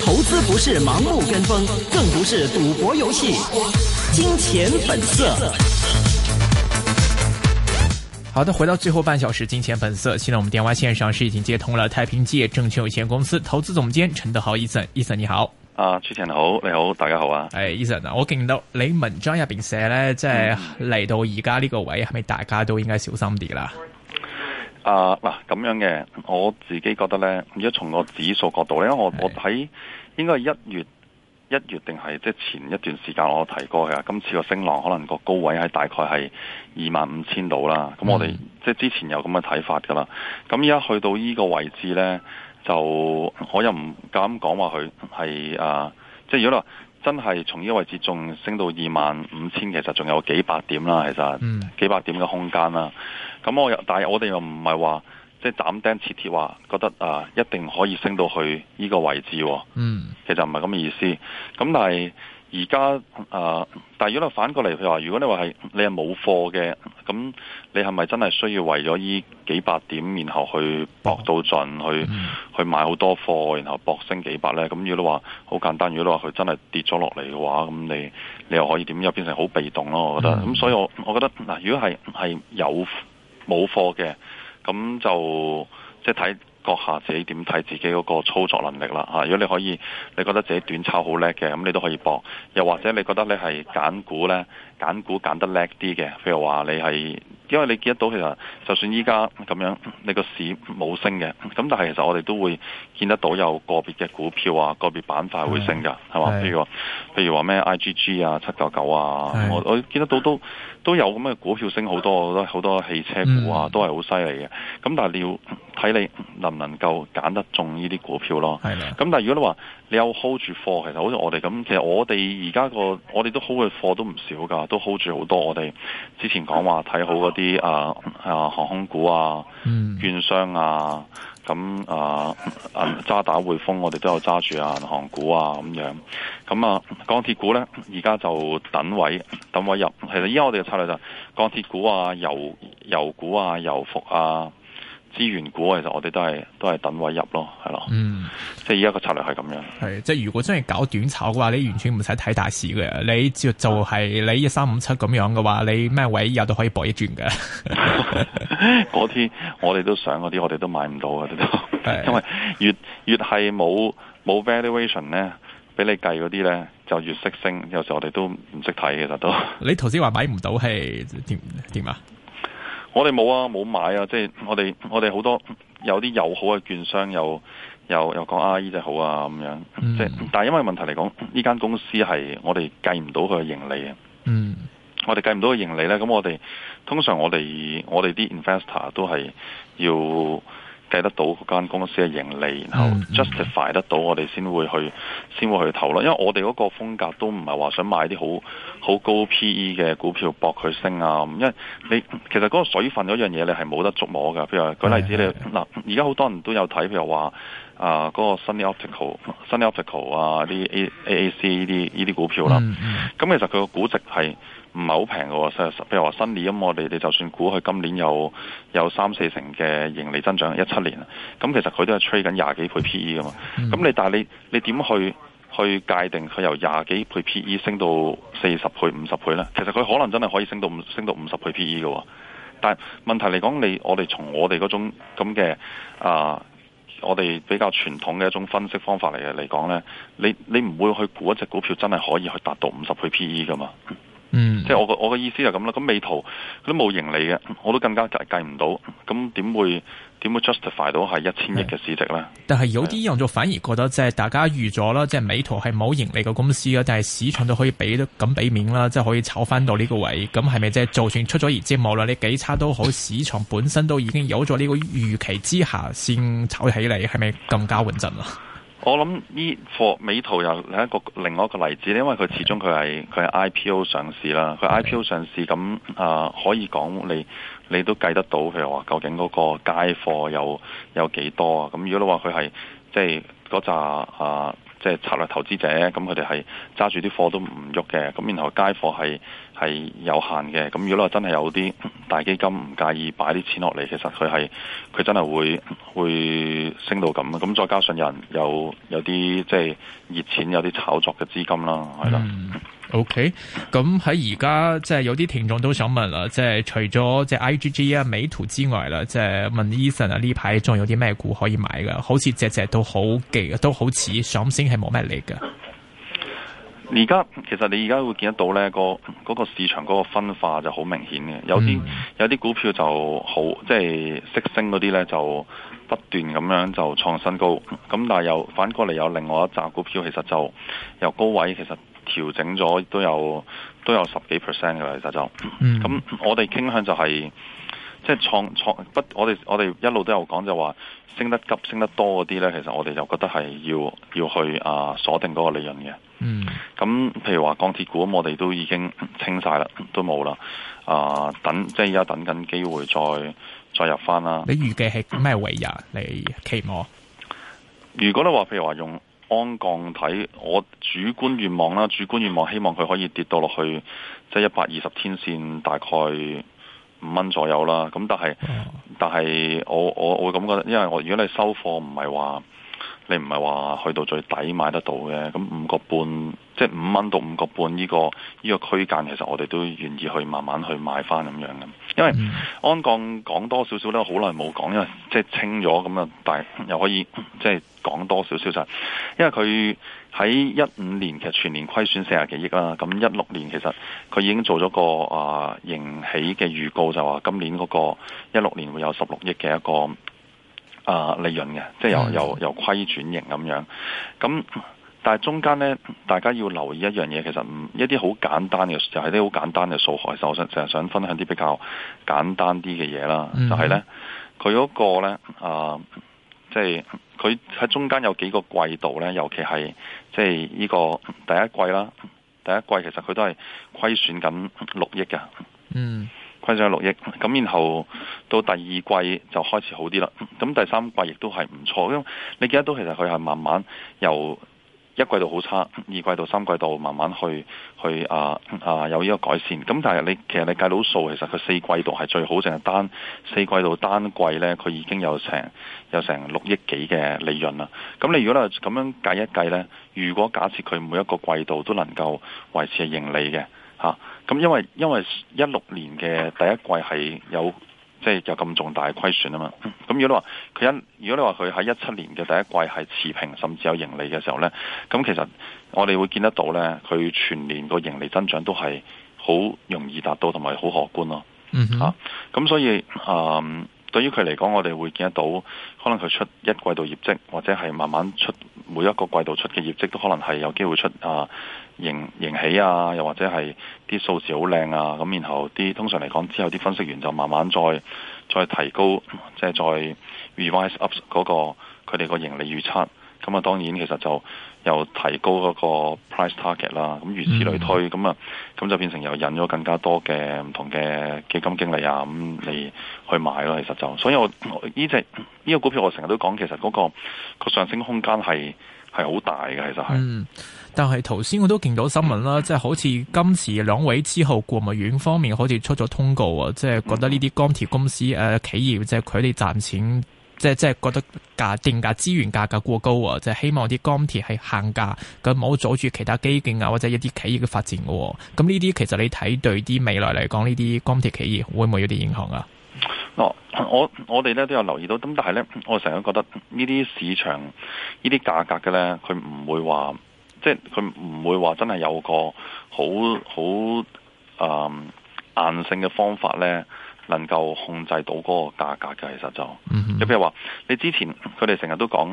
投資不是盲目跟風，更不是賭博遊戲。金錢本色。好的，回到最後半小時，金錢本色。現在我們電話線上是已經接通了太平界證券有限公司投資總監陳德豪。伊森。伊森你好。啊，主持人好，你好，大家好啊。誒、欸，伊森，我見到你文章入面寫呢，即係嚟到而家呢個位，係咪大家都應該小心啲啦？啊嗱咁樣嘅，我自己覺得呢，如果從個指數角度咧，我我睇應該係一月一月定係即係前一段時間我提過嘅，今次個升浪可能個高位係大概係二萬五千度啦。咁我哋、mm. 即係之前有咁嘅睇法噶啦。咁而家去到呢個位置呢，就我又唔敢講話佢係啊，uh, 即係如果話。真係從呢個位置仲升到二萬五千，其實仲有幾百點啦，其實幾百點嘅空間啦。咁我又，但係我哋又唔係話即係斬釘截鐵話，覺得啊一定可以升到去呢個位置。嗯，其實唔係咁嘅意思。咁但係。而家啊，但係如，如，如果你反過嚟，佢話如果你話係你係冇貨嘅，咁你係咪真係需要為咗依幾百點，然後去搏到盡，去去買好多貨，然後搏升幾百咧？咁如果你話好簡單，如果你話佢真係跌咗落嚟嘅話，咁你你又可以點？又變成好被動咯，我覺得。咁、嗯、所以我我覺得嗱，如果係係有冇貨嘅，咁就即係睇。就是閣下自己點睇自己嗰個操作能力啦吓、啊，如果你可以，你覺得自己短炒好叻嘅，咁你都可以搏。又或者你覺得你係揀股咧。揀股揀得叻啲嘅，譬如話你係，因為你見得到，其實就算依家咁樣，你個市冇升嘅，咁但係其實我哋都會見得到有個別嘅股票啊，個別板塊會升噶，係嘛？譬如話譬如話咩 IGG 啊、七九九啊，係啊，我我見得到都都有咁嘅股票升好多，我覺得好多汽車股啊，都係好犀利嘅。咁、嗯、但係你要睇你能唔能夠揀得中呢啲股票咯。係啦。咁但係如果你話，你有 hold 住貨，其實好似我哋咁，其實我哋而家個我哋都 hold 嘅貨都唔少㗎，都 hold 住好多。我哋之前講話睇好嗰啲啊啊航空股啊、mm. 券商啊，咁啊啊渣打匯豐，我哋都有揸住啊銀行股啊咁樣。咁啊鋼鐵股咧，而家就等位，等位入。其實依家我哋嘅策略就係、鋼鐵股啊、油油股啊、油服啊。資源股其實我哋都係都係等位入咯，係咯，嗯，即係依家個策略係咁樣。係即係如果真係搞短炒嘅話，你完全唔使睇大市嘅，你只就係你一三五七咁樣嘅話，你咩位入都可以搏一轉嘅。嗰 啲 我哋都想，嗰啲我哋都買唔到嘅，都 因為越越係冇冇 valuation 咧，俾你計嗰啲咧，就越識升。有時我哋都唔識睇嘅其實都。你頭先話買唔到係點點啊？我哋冇啊，冇買啊，即係我哋我哋好多有啲友好嘅券商，有有有講阿姨就好啊咁樣，即係但係因為問題嚟講，呢間公司係我哋計唔到佢嘅盈利啊。嗯，我哋計唔到佢盈利咧，咁我哋通常我哋我哋啲 investor 都係要。睇得到嗰間公司嘅盈利，然後 justify 得到，我哋先會去，先會去投咯。因為我哋嗰個風格都唔係話想買啲好好高 PE 嘅股票搏佢升啊。因為你其實嗰個水分嗰樣嘢你係冇得捉摸㗎。譬如舉例子，是的是的你嗱而家好多人都有睇，譬如話。啊，嗰個 Sunny Optical、Sunny Optical 啊，啲 A、A、C 呢啲呢啲股票啦，咁其實佢個估值係唔係好平嘅喎？譬如話 Sunny 咁，我哋你就算估佢今年有有三四成嘅盈利增長，一七年，咁其實佢都係吹緊廿幾倍 PE 嘅嘛。咁你但係你你點去去界定佢由廿幾倍 PE 升到四十倍、五十倍咧？其實佢可能真係可以升到升到五十倍 PE 嘅，但問題嚟講，你我哋從我哋嗰種咁嘅啊。我哋比較傳統嘅一種分析方法嚟嘅嚟講咧，你你唔會去估一隻股票真係可以去達到五十倍 PE 噶嘛？嗯，即係我個我個意思就咁啦。咁美圖佢都冇盈利嘅，我都更加就係計唔到。咁點會點會 justify 到係一千億嘅市值咧？但係有啲人就反而覺得，即係大家預咗啦，即係美圖係冇盈利嘅公司啊，但係市場都可以俾到咁俾面啦，即係可以炒翻到呢個位。咁係咪即係就算出咗業績冇啦？你幾差都好，市場本身都已經有咗呢個預期之下先炒起嚟，係咪更加穩陣啊？我諗呢貨美圖又另一個另外一個例子，因為佢始終佢係佢係 IPO 上市啦，佢 IPO 上市咁啊、呃，可以講你你都計得到，譬如話究竟嗰個街貨有有幾多啊？咁、嗯、如果你話佢係即係嗰扎啊，即係策略投資者，咁佢哋係揸住啲貨都唔喐嘅，咁然後街貨係係有限嘅，咁如果話真係有啲大基金唔介意擺啲錢落嚟，其實佢係佢真係會會升到咁啊！咁再加上有人有有啲即係熱錢，有啲炒作嘅資金啦，係啦。OK，咁喺而家即係有啲聽眾都想問啦，即係除咗即係 IGG 啊、美圖之外啦，即係問 Ethan 啊，呢排仲有啲咩股可以買噶？好似隻只都好勁，都好似上升係冇咩力噶。而家其實你而家會見得到呢、嗰個、嗰個市場嗰個分化就好明顯嘅，有啲有啲股票就好，即係息升嗰啲呢，就不斷咁樣就創新高，咁但係又反過嚟，有另外一扎股票，其實就由高位其實調整咗都有都有十幾 percent 㗎喇，其實就，咁我哋傾向就係、是。即係創創不，我哋我哋一路都有講就話升得急、升得多啲呢。其實我哋就覺得係要要去啊、呃、鎖定嗰個利潤嘅。嗯。咁譬如話鋼鐵股，我哋都已經清晒啦，都冇啦。啊、呃，等即係而家等緊機會再再入翻啦。你預計係咩位呀？你期望？ 如果你話，譬如話用鞍鋼睇，我主觀願望啦，主觀願望希望佢可以跌到落去即係一百二十天線大概。五蚊左右啦，咁但係，但係、嗯、我我，我會咁覺得，因為我如果你收貨唔係話。你唔係話去到最底買得到嘅，咁五個半，即係五蚊到五個半呢、呢個依、呢個區間，其實我哋都願意去慢慢去買翻咁樣嘅。因為、嗯、安鋼講多少少咧，好耐冇講，因為即係清咗咁啊，但係又可以即係講多少少晒。因為佢喺一五年其實全年虧損四十幾億啦，咁一六年其實佢已經做咗個啊盈喜嘅預告，就話、是、今年嗰個一六年會有十六億嘅一個。啊、呃，利潤嘅，即係由、mm hmm. 由由虧轉型咁樣，咁但係中間咧，大家要留意一樣嘢，其實唔一啲好簡單嘅，就係啲好簡單嘅數學，其實我想就係、是、想分享啲比較簡單啲嘅嘢啦，mm hmm. 就係呢。佢嗰個呢，啊、呃，即係佢喺中間有幾個季度呢，尤其係即係呢個第一季啦，第一季其實佢都係虧損緊六億嘅。嗯、mm。Hmm. 虧損六億，咁然後到第二季就開始好啲啦，咁第三季亦都係唔錯，因為你記得到其實佢係慢慢由一季度好差，二季度三季度慢慢去去啊啊有呢個改善，咁但係你其實你計到數，其實佢四季度係最好，淨係單四季度單季呢，佢已經有成有成六億幾嘅利潤啦。咁你如果咧咁樣計一計呢，如果假設佢每一個季度都能夠維持盈利嘅，吓、啊。咁因為因為一六年嘅第一季係有即係、就是、有咁重大嘅虧損啊嘛，咁、嗯、如果你話佢因如果你話佢喺一七年嘅第一季係持平甚至有盈利嘅時候咧，咁、嗯、其實我哋會見得到咧，佢全年個盈利增長都係好容易達到同埋好可觀咯、啊，吓、嗯哼，咁、啊、所以嗯。對於佢嚟講，我哋會見得到，可能佢出一季度業績，或者係慢慢出每一個季度出嘅業績，都可能係有機會出啊盈盈喜啊，又或者係啲數字好靚啊。咁然後啲通常嚟講，之後啲分析員就慢慢再再提高，即係再 revise up 嗰個佢哋個盈利預測。咁啊，當然其實就。又提高嗰個 price target 啦，咁如此類推，咁啊、嗯，咁就變成又引咗更加多嘅唔同嘅基金經理啊，咁嚟去買咯。其實就，所以我呢隻呢個股票，我成日都講，其實嗰、那個、個上升空間係係好大嘅，其實係、嗯。但係頭先我都見到新聞啦，即係、嗯、好似今次兩位之後，國務院方面好似出咗通告啊，即、就、係、是、覺得呢啲鋼鐵公司誒、呃、企業就佢、是、哋賺錢。即係即係覺得價定價資源價格過高啊！即係希望啲鋼鐵係限價，佢冇阻住其他基建啊或者一啲企業嘅發展嘅。咁呢啲其實你睇對啲未來嚟講呢啲鋼鐵企業會唔會有啲影響啊？哦，oh，我我哋咧都有留意到，咁但係咧我成日覺得呢啲市場呢啲價格嘅咧，佢唔會話即係佢唔會話真係有個好好誒硬性嘅方法咧。能夠控制到嗰個價格嘅，其實就，就譬、嗯、哼如話，你之前佢哋成日都講，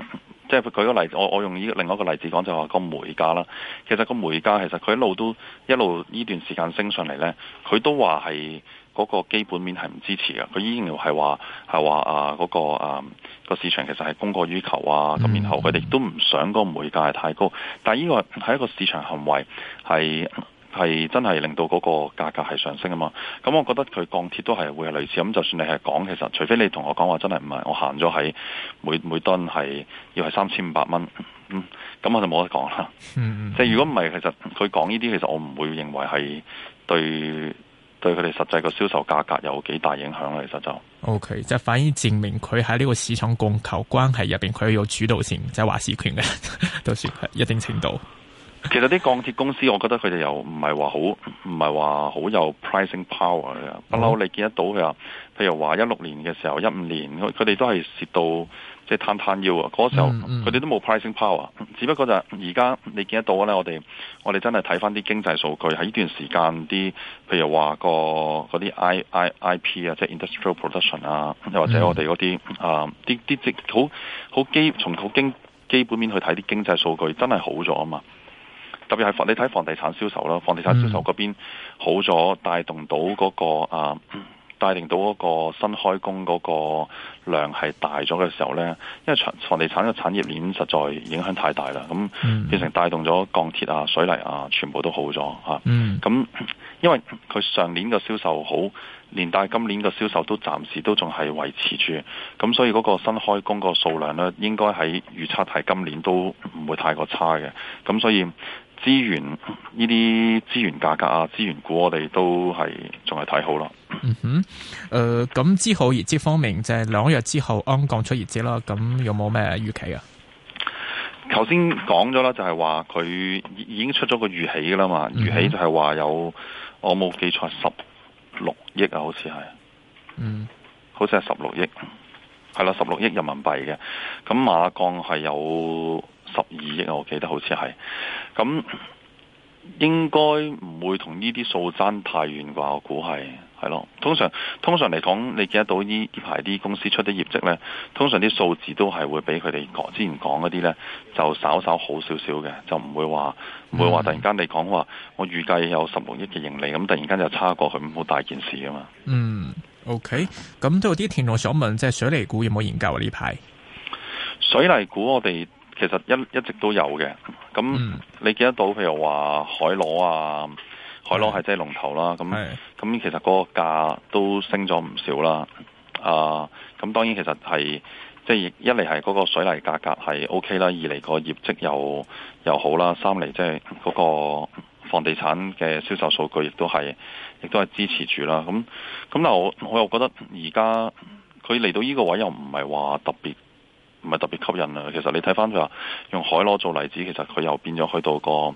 即、就、係、是、舉個例子，我我用依另外一個例子，個個例子講就話、是、個煤價啦。其實個煤價其實佢一路都一路呢段時間升上嚟咧，佢都話係嗰個基本面係唔支持嘅。佢依然係話係話啊嗰、那個啊、那個市場其實係供過於求啊，咁、嗯、哼然後佢哋都唔想個煤價係太高。但係依個係一個市場行為係。係真係令到嗰個價格係上升啊嘛，咁我覺得佢鋼鐵都係會係類似咁，就算你係講，其實除非你同我講話真係唔係，我行咗喺每每噸係要係三千五百蚊，咁、嗯、我就冇得講啦。嗯、即係如果唔係，其實佢講呢啲，其實我唔會認為係對對佢哋實際個銷售價格有幾大影響咧。其實就 OK，即係反而證明佢喺呢個市場供求關係入邊，佢有主導性，即係話事權嘅， 都算係一定程度。 其實啲鋼鐵公司，我覺得佢哋又唔係話好，唔係話好有 pricing power 嘅。不嬲，mm hmm. 你見得到佢啊。譬如話一六年嘅時候，一五年佢哋都係蝕到，即係攤攤腰啊。嗰時候佢哋都冇 pricing power，只不過就而家你見得到咧。我哋我哋真係睇翻啲經濟數據喺呢段時間啲，譬如話、個嗰啲 I I I P 啊，即係 industrial production 啊，又或者我哋嗰啲啊，啲啲好好基從好經基本面去睇啲經濟數據，真係好咗啊嘛。特別係房，你睇房地產銷售啦，房地產銷售嗰邊好咗，帶動到嗰、嗰個啊，帶領到嗰個新開工嗰個量係大咗嘅時候呢，因為房地產嘅產業鏈實在影響太大啦，咁變成帶動咗鋼鐵啊、水泥啊，全部都好咗嚇。咁、啊、因為佢上年嘅銷售好，連帶今年嘅銷售都暫時都仲係維持住，咁所以嗰個新開工個數量呢，應該係預測係今年都唔會太過差嘅，咁所以。資源呢啲資源價格啊，資源股我哋都係仲係睇好啦。嗯、哼，誒、呃，咁之後業績方面，就係兩日之後鞍鋼出業績啦。咁有冇咩預期啊？頭先講咗啦，就係話佢已經出咗個預期噶啦嘛。預、嗯、哼期就係話有，我冇記錯，十六億啊，好似係，嗯，好似係十六億，係啦，十六億人民幣嘅。咁馬鋼係有。十二億啊，我記得好似係咁，應該唔會同呢啲數爭太遠啩，我估係係咯。通常通常嚟講，你見得到呢排啲公司出啲業績呢，通常啲數字都係會比佢哋講之前講嗰啲呢，就稍稍好少少嘅，就唔會話唔、嗯、會話突然間你講話，我預計有十六億嘅盈利，咁突然間就差過去，咁好大件事㗎嘛。嗯，OK，咁都有啲聽眾想問，即係水泥股有冇研究啊？呢排水泥股我哋，其實一一直都有嘅，咁你見得到，譬如話海螺啊，海螺係真係龍頭啦，咁咁的其實嗰個價都升咗唔少啦，啊，咁當然其實係即係一嚟係嗰個水泥價格係 O K 啦，二嚟個業績又又好啦，三嚟即係嗰個房地產嘅銷售數據亦都係亦都係支持住啦，咁咁但我我又覺得而家佢嚟到呢個位又唔係話特別。唔係特別吸引啊。其實你睇翻就話用海螺做例子，其實佢又變咗去到個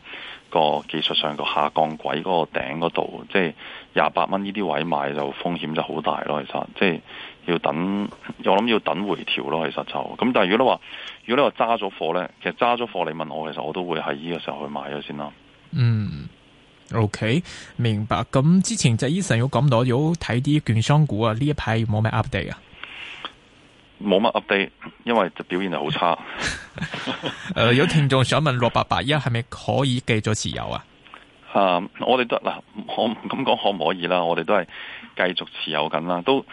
個技術上個下降軌嗰個頂嗰度，即係廿八蚊呢啲位賣就風險就好大咯。其實即係要等，我諗要等回調咯。其實就咁，但係如果你話如果你話揸咗貨咧，其實揸咗貨你問我，其實我都會喺呢個時候去買咗先啦。嗯，OK，明白。咁之前就 Ethan 有講到有睇啲券商股啊，呢一排冇咩 update 啊？冇乜 update，因為就表現就好差。誒、 呃，有聽眾想問：羅伯伯一係咪可以繼續持有啊？吓、啊，我哋都嗱、啊，我唔敢講可唔可以啦。我哋都係繼續持有緊啦，都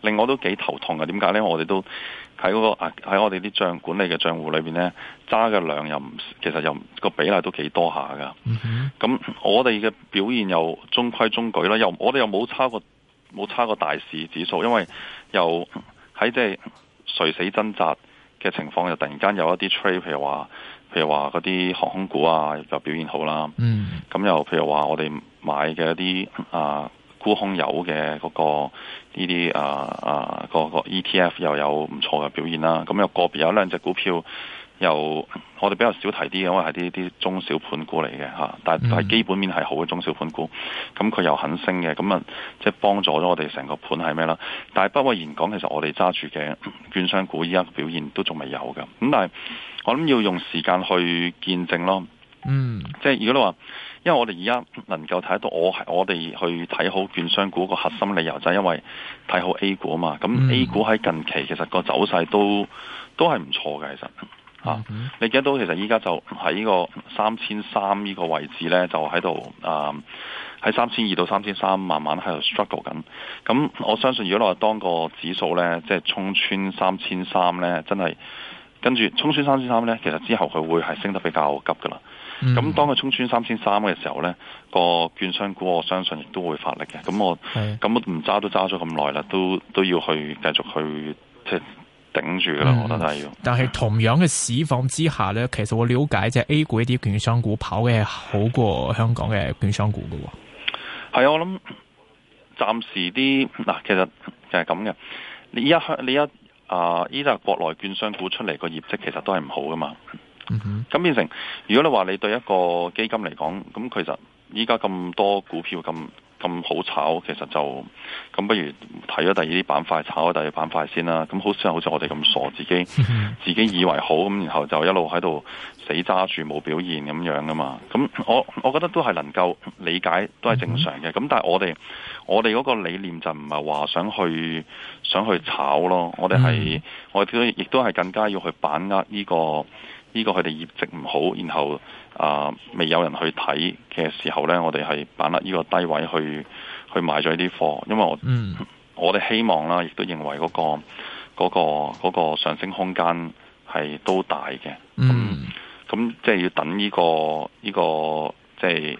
令我都幾頭痛嘅。點解咧？我哋都喺嗰、那個誒，喺我哋啲帳管理嘅賬戶裏邊咧，揸嘅量又唔，其實又個比例都幾多下噶。咁、嗯哼嗯、我哋嘅表現又中規中矩啦，又我哋又冇差過，冇差過大市指數，因為又喺即係。垂死掙扎嘅情況，又突然間有一啲 trade，譬如話，譬如話嗰啲航空股啊，就表現好啦。咁又、嗯、譬如話，我哋買嘅一啲啊沽空有嘅嗰個呢啲啊啊嗰、嗰個、嗰個、ETF 又有唔錯嘅表現啦。咁、啊、又、個別有兩隻股票。又我哋比較少提啲，因為係啲啲中小盤股嚟嘅吓，但係、mm. 基本面係好嘅中小盤股，咁佢又肯升嘅，咁啊即係幫助咗我哋成個盤係咩啦？但係不過言講，其實我哋揸住嘅券商股依家表現都仲未有嘅，咁但係我諗要用時間去見證咯。嗯，mm. 即係如果你話，因為我哋而家能夠睇到我我哋去睇好券商股個核心理由，就係因為睇好 A 股啊嘛。咁、mm. A 股喺近期其實個走勢都都係唔錯嘅，其實。啊！Mm hmm. 你見到其實依家就喺呢個三千三呢個位置咧，就喺度啊，喺三千二到三千三慢慢喺度 struggle 緊。咁、嗯、我相信，如果你當個指數咧，即係衝穿三千三咧，真係跟住衝穿三千三咧，其實之後佢會係升得比較急噶啦。咁、mm hmm. 當佢衝穿三千三嘅時候咧，個券商股我相信亦都會發力嘅。咁、嗯、我咁唔揸都揸咗咁耐啦，都都要去繼續去即係。頂住啦，我覺得係要。但係同樣嘅市況之下咧，其實我了解即係 A 股一啲券商股跑嘅好過香港嘅券商股噶。哦。係啊，我諗暫時啲嗱，其實就係咁嘅。你而家你一啊，依家、呃、國內券商股出嚟個業績其實都係唔好噶嘛。咁、嗯、哼變成，如果你話你對一個基金嚟講，咁其實依家咁多股票咁。咁好炒，其實就咁，不如睇咗第二啲板塊，炒第二板塊先啦。咁好似好似我哋咁傻，自己 自己以為好，咁然後就一路喺度死揸住，冇表現咁樣噶嘛。咁我我覺得都係能夠理解，都係正常嘅。咁但係我哋我哋嗰個理念就唔係話想去想去炒咯，我哋係 我哋亦都係更加要去把握呢個。呢個佢哋業績唔好，然後啊、呃、未有人去睇嘅時候咧，我哋係把握呢個低位去去買咗呢啲貨，因為我、嗯、我哋希望啦，亦都認為、嗰個、嗰個、嗰個嗰個上升空間係都大嘅。咁咁、嗯嗯、即係要等呢、呢個呢、呢個即係呢、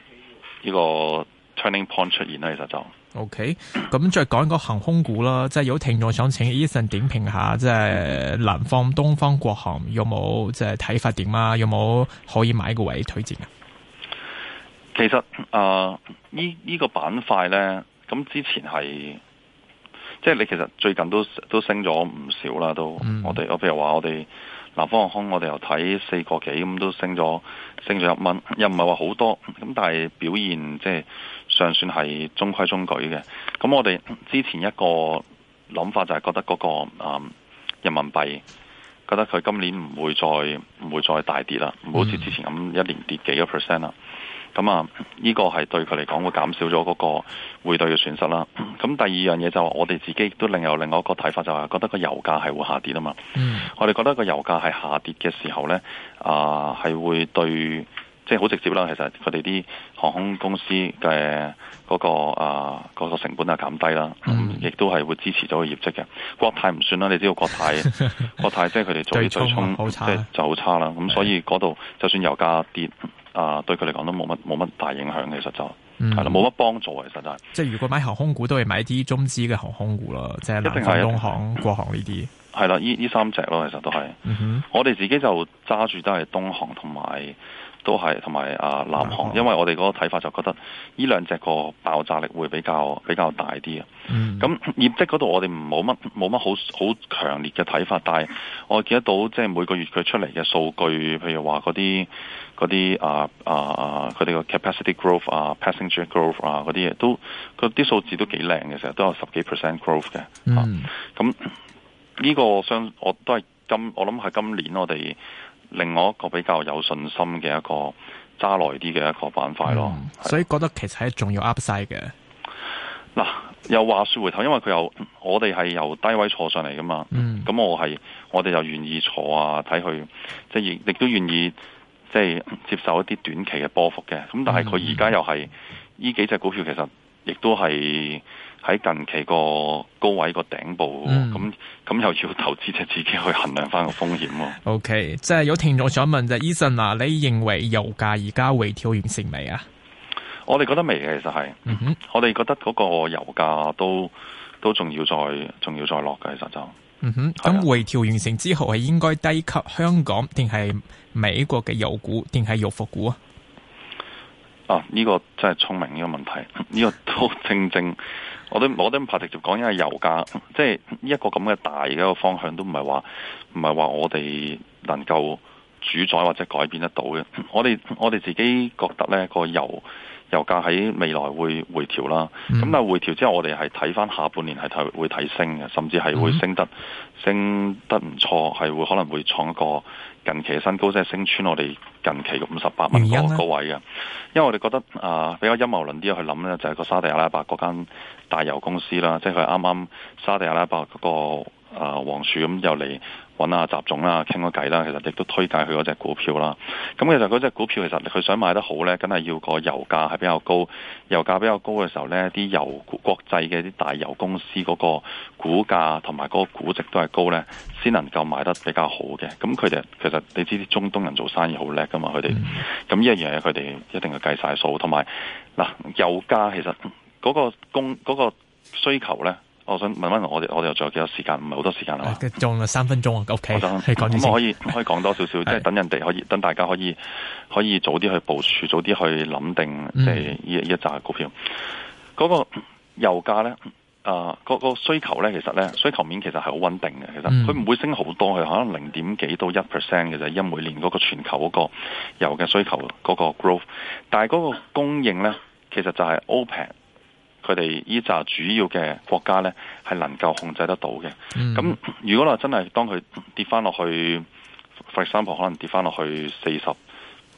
呢個 turning point 出現啦，其實就。OK，咁再講個航空股啦，即係有聽眾想請 Eason 點評下，即係南方、東方、國航有冇即係睇法點啊？有冇可以買個位推薦啊？其實誒、呢、呃、呢、這個板塊咧，咁之前係即係你其實最近都都升咗唔少啦，都、嗯、我哋，我譬如話我哋。南方航空我哋又睇四個幾咁都升咗，升咗一蚊，又唔係話好多，咁但係表現即係尚算係中規中矩嘅。咁我哋之前一個諗法就係覺得嗰個、嗯、人民幣，覺得佢今年唔會再唔會再大跌啦，唔好似之前咁一年跌幾個 percent 啦。咁啊，呢、這個係對佢嚟講會減少咗嗰個匯兌嘅損失啦。咁第二樣嘢就話我哋自己都另有另外一個睇法，就係覺得個油價係會下跌啊嘛。嗯、我哋覺得個油價係下跌嘅時候呢，啊、呃、係會對即係好直接啦。其實佢哋啲航空公司嘅嗰、那個啊、呃那個成本啊減低啦，亦、嗯、都係會支持咗個業績嘅。國泰唔算啦，你知道國泰 國泰、啊、即係佢哋做啲對沖即係就好差啦。咁所以嗰度的就算油價跌。啊，對佢嚟講都冇乜冇乜大影響，其實就係、是、啦，冇乜幫助其實就係。即係如果買航空股，都係買啲中資嘅航空股啦，一定即係南航、東航行、國航呢啲。係啦、嗯，呢呢三隻咯，其實都係。嗯哼，我哋自己就揸住都係東航同埋。都係同埋啊，南航，啊、因為我哋嗰個睇法就覺得呢兩隻個爆炸力會比較比較大啲嘅。咁、嗯、業績嗰度我哋冇乜冇乜好好強烈嘅睇法，但係我見得到即係每個月佢出嚟嘅數據，譬如話嗰啲啲啊啊佢哋個 capacity growth 啊，passenger growth 啊，嗰啲嘢都嗰啲數字都幾靚嘅，成日都有十幾 percent growth 嘅。咁、啊、呢、嗯這個相我都係今我諗係今年我哋。另外一個比較有信心嘅一個揸耐啲嘅一個板塊咯，嗯、是所以覺得其實係仲要 upside 嘅。嗱，又話說回頭，因為佢又我哋係由低位坐上嚟噶嘛，咁、嗯、我係我哋又願意坐啊，睇佢即係亦亦都願意即係接受一啲短期嘅波幅嘅。咁但係佢而家又係呢、嗯、幾隻股票，其實亦都係。喺近期個高位個頂部，咁咁、嗯、又要投資者自己去衡量翻個風險咯。O、okay, K，即係有聽眾想問就，醫生啊，你認為油價而家回調完成未啊？我哋覺得未，其實係，嗯哼，我哋覺得嗰個油價都都仲要再仲要再落嘅，其實就，嗯哼，咁回調完成之後係應該低吸香港定係美國嘅油股定係油服股啊？啊，呢個真係聰明呢、呢個問題，呢 個都正正，正。我都我都唔怕直接講，因為油價即係呢一個咁嘅大嘅一個方向都，都唔係話唔係話我哋能夠主宰或者改變得到嘅。我哋我哋自己覺得呢、這個油。油價喺未來會回調啦，咁、嗯、但係回調之後，我哋係睇翻下半年係睇會提升嘅，甚至係會升得、嗯、升得唔錯，係會可能會創一個近期新高，即係升穿我哋近期嘅五十八蚊嗰個位嘅。因，因為我哋覺得啊、呃、比較陰謀論啲去諗咧，就係、是、個沙地阿拉伯嗰間大油公司啦，即係佢啱啱沙地阿拉伯嗰、那個啊王儲咁又嚟。揾阿習總啦，傾個計啦，其實亦都推介佢嗰隻股票啦。咁其實嗰隻股票，其實佢想買得好呢，梗係要個油價係比較高。油價比較高嘅時候呢，啲油國際嘅啲大油公司嗰個股價同埋嗰個股值都係高呢，先能夠買得比較好嘅。咁佢哋其實你知啲中東人做生意好叻噶嘛，佢哋咁呢一樣嘢佢哋一定要計晒數。同埋嗱，油價其實嗰個供嗰個需求呢。我想問問我哋，我哋仲有幾多，多時間？唔係好多時間啦，仲有三分鐘啊！OK，咁可以可以講多少少，即係 等人哋可以，等大家可以可以早啲去部署，早啲去諗定，即係呢一隻、嗯、股票。嗰個油價咧，啊、呃，嗰個需求咧，其實咧，需求面其實係好穩定嘅。其實佢唔會升好多，佢可能零點幾到一 percent 嘅啫，就因為每年嗰個全球嗰個油嘅需求嗰個 growth，但係嗰個供應咧，其實就係 open。佢哋依扎主要嘅國家咧，係能夠控制得到嘅。咁、嗯、如果話真係當佢跌翻落去，for example 可能跌翻落去四十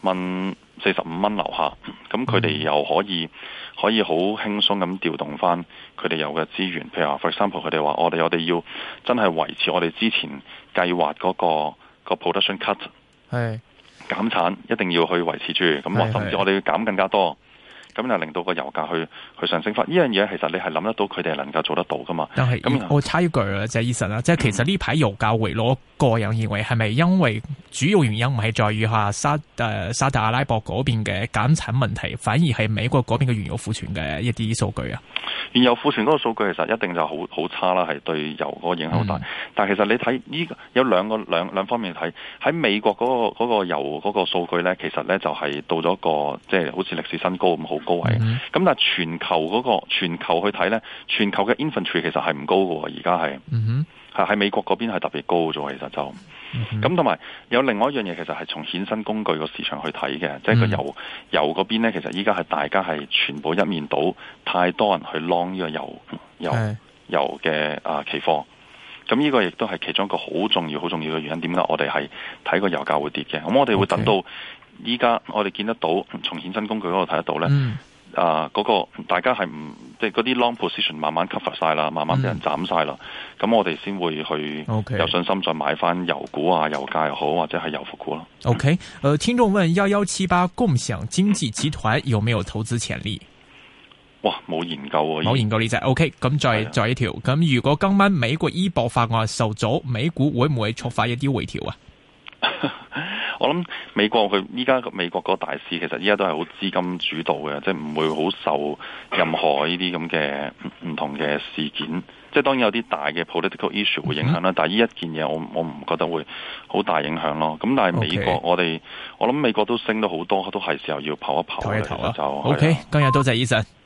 蚊、四十五蚊樓下，咁佢哋又可以、嗯、可以好輕鬆咁調動翻佢哋有嘅資源。譬如話 for example 佢哋話我哋我哋要真係維持我哋之前計劃嗰個個 production cut，係減產一定要去維持住。咁是我甚至我哋要減更加多。咁就令到個油價去去上升翻，呢樣嘢其實你係諗得到佢哋能夠做得到噶嘛？但咁是後我猜一句啊，即係醫生啊，即係其實呢排油價回落，個人認為係咪因為主要原因唔係在於下沙誒、呃、沙特阿拉伯嗰邊嘅減產問題，反而係美國嗰邊嘅原油庫存嘅一啲數據啊？原油庫存嗰個數據其實一定就好好差啦，係對油個影響好大。嗯、但係其實你睇呢有兩個兩兩方面睇，喺美國嗰個個油嗰個數據咧，其實咧就係到咗個即係好似歷史新高咁好。高位咁但係全球嗰、那個全球去睇呢，全球嘅 inflation 其實係唔高嘅、哦，而家係，係喺、mm hmm. 美國嗰邊係特別高咗，其實就，咁同埋有另外一樣嘢，其實係從衍生工具個市場去睇嘅，即係個油、mm hmm. 油嗰邊呢，其實依家係大家係全部一面倒，太多人去 long 呢個油油的油嘅啊期貨，咁呢個亦都係其中一個好重要、好重要嘅原因。點解我哋係睇個油價會跌嘅？咁我哋會等到。依家我哋見得到，從衍生工具嗰度睇得到咧，啊嗰個大家係唔即係嗰啲 long position 慢慢吸伏晒啦，慢慢俾人斬晒啦，咁、嗯、我哋先會去有信心再買翻油股啊，油價又好或者係油服股咯。OK，誒、呃，聽眾問幺幺七八共享經濟集團有沒有投資潛力？哇，冇研究喎，冇研究呢隻。OK，咁再的再一條，咁如果今晚美國醫保法案受阻，美股會唔會觸發一啲回調啊？ 我諗美國佢依家美國嗰大市，其實依家都係好資金主導嘅，即係唔會好受任何呢啲咁嘅唔同嘅事件。即係當然有啲大嘅 political issue 會影響啦，嗯、但係呢一件嘢我我唔覺得會好大影響咯。咁但係美國我哋 Okay. 我諗美國都升咗好多，都係時候要跑一跑啦。就 O K，今日多謝，謝 Ethan。